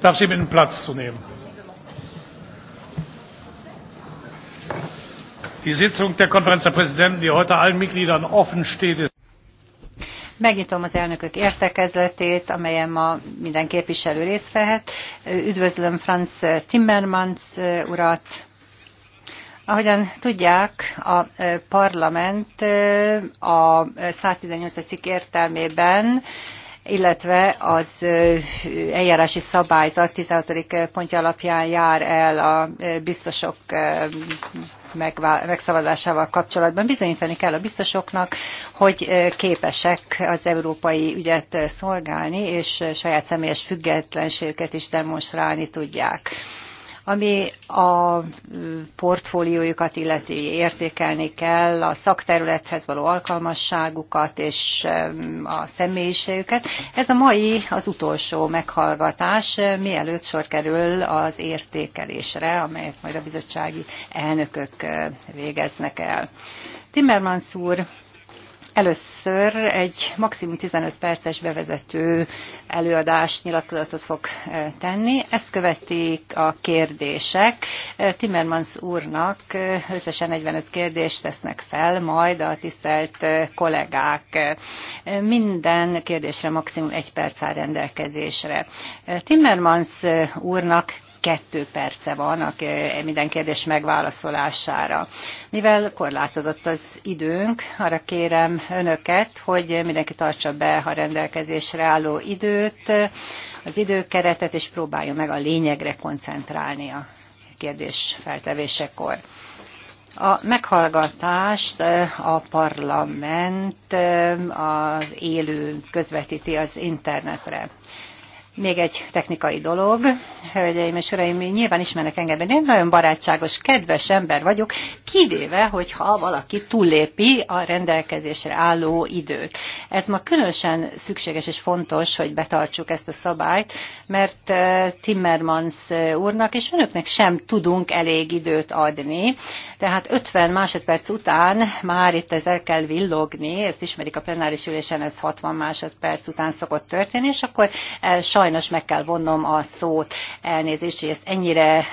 darf ich Sie bitten, Platz zu nehmen. Die Sitzung der Konferenz der Präsidenten, die heute allen Mitgliedern offen steht, ist Megnyitom az elnökök értekezletét, amelyen ma minden képviselő részt vehet. Üdvözlöm Franz Timmermans urat. Ahogyan tudják, a parlament a 118. cikk értelmében illetve az eljárási szabályzat 16. pontja alapján jár el a biztosok megszavazásával kapcsolatban. Bizonyítani kell a biztosoknak, hogy képesek az európai ügyet szolgálni, és saját személyes függetlenségüket is demonstrálni tudják ami a portfóliójukat illeti értékelni kell, a szakterülethez való alkalmasságukat és a személyiségüket. Ez a mai az utolsó meghallgatás, mielőtt sor kerül az értékelésre, amelyet majd a bizottsági elnökök végeznek el. Timmermans úr Először egy maximum 15 perces bevezető előadás nyilatkozatot fog eh, tenni. Ezt követik a kérdések. Eh, Timmermans úrnak eh, összesen 45 kérdést tesznek fel, majd a tisztelt kollégák. Minden kérdésre maximum egy perc áll rendelkezésre. Timmermans úrnak kettő perce van a minden kérdés megválaszolására. Mivel korlátozott az időnk, arra kérem önöket, hogy mindenki tartsa be a rendelkezésre álló időt, az időkeretet, és próbálja meg a lényegre koncentrálni a kérdés feltevésekor. A meghallgatást eh, a parlament eh, az élő közvetíti az internetre. Még egy technikai dolog, hölgyeim és uraim, nyilván ismernek engem, én nagyon barátságos, kedves ember vagyok, kivéve, hogyha valaki túllépi a rendelkezésre álló időt. Ez ma különösen szükséges és fontos, hogy betartsuk ezt a szabályt, mert eh, Timmermans eh, úrnak és önöknek sem tudunk elég időt adni, tehát 50 másodperc után már itt ezzel kell villogni, ezt ismerik a plenáris ülésen, ez 60 másodperc után szokott történni, és akkor eh, sajnálom, sajnos meg kell vonnom a szót, elnézést, hogy ezt ennyire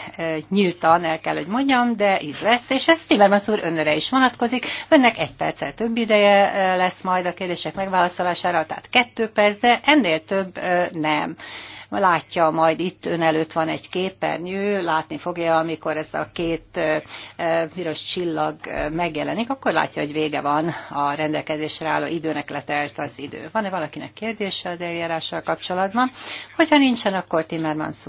nyíltan el kell, hogy mondjam, de így lesz, és ez Timmermans úr önöre is vonatkozik. Önnek egy perccel több ideje lesz majd a kérdések megválaszolására, tehát kettő perc, de ennél több nem látja majd itt ön előtt van egy képernyő, látni fogja, amikor ez a két piros csillag megjelenik, akkor látja, hogy vége van a rendelkezésre álló időnek letelt az idő. Van-e valakinek kérdése az eljárással kapcsolatban? Hogyha nincsen, akkor Timmermans